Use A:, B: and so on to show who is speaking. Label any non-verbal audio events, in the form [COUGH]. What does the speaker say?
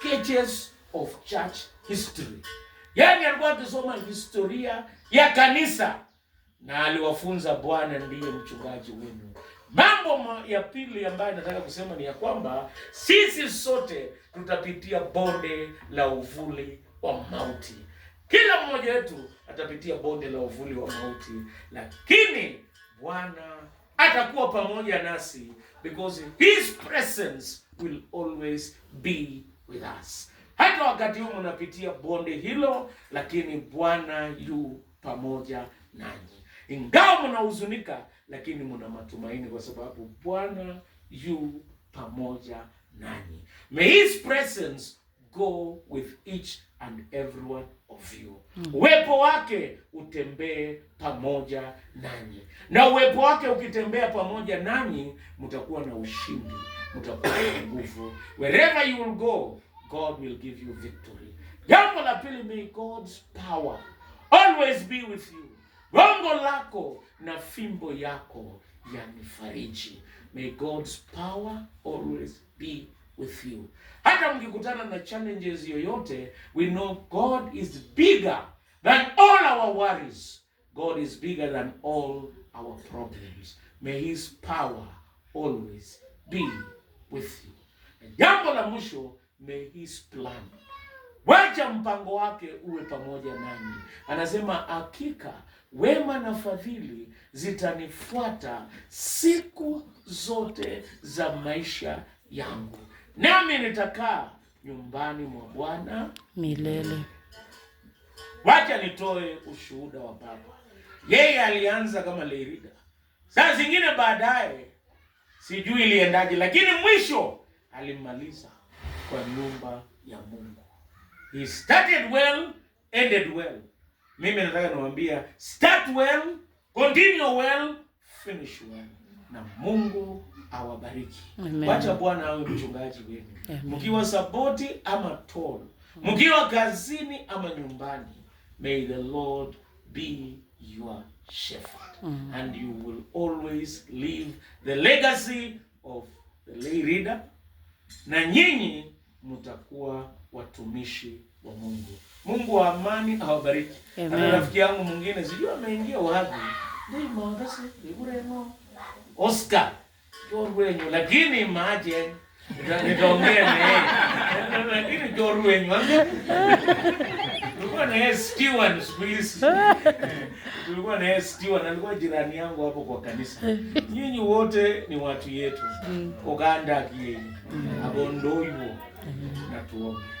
A: pages of church history. Yaani alikuwa akisoma historia ya kanisa na aliwafunza Bwana ndiye mchungaji wenu. Mambo ma ya pili ambayo nataka kusema ni ya kwamba sisi sote tutapitia bonde la uvuli wa mauti. Kila mmoja wetu atapitia bonde la uvuli wa mauti, lakini Bwana atakuwa pamoja nasi because his presence will always be with us. Hata wakati huu mnapitia bonde hilo, lakini Bwana yu pamoja nanyi. Ingawa mnahuzunika, lakini mna matumaini, kwa sababu Bwana yu pamoja nanyi. May his presence go with each and one of you. Hmm. Uwepo wake utembee pamoja nanyi, na uwepo wake ukitembea pamoja nanyi, mtakuwa na ushindi, mtakuwa na nguvu wherever you will go God will give you victory. Jambo la pili, may God's power always be with you. Gongo lako na fimbo yako yanifariji. May God's power always be with you. Hata mkikutana na challenges yoyote, we know God is bigger than all our worries. God is bigger than all our problems. May his power always be with you. Jambo la mwisho may his plan wacha mpango wake uwe pamoja nami. Anasema hakika wema na fadhili zitanifuata siku zote za maisha yangu, nami nitakaa nyumbani mwa Bwana
B: milele.
A: Wacha nitoe ushuhuda wa baba. Yeye alianza kama leirida, saa zingine baadaye sijui iliendaje, lakini mwisho alimaliza kwa nyumba ya Mungu. He started well, ended well. Mimi nataka niwaambia start well, continue well, finish well. Na Mungu awabariki. Wacha Bwana awe mchungaji wenu. Mkiwa saboti ama tolo, mkiwa kazini ama nyumbani, may the Lord be your shepherd mm. and you will always leave the legacy of the lay reader na nyinyi mtakuwa watumishi wa Mungu. Mungu wa amani awabariki. Na rafiki yangu mwingine sijui ameingia wapi, ndio bure iguremo Oscar jorwenyu, lakini ndio nitaongea naye lakini jorwenyu tulikuwa na yeye Stewan siku hizi. [LAUGHS] Tulikuwa na yeye alikuwa jirani yangu hapo kwa kanisa. Nyinyi wote ni watu yetu. Mm. Oganda kile. Abondoibo. Na tuombe.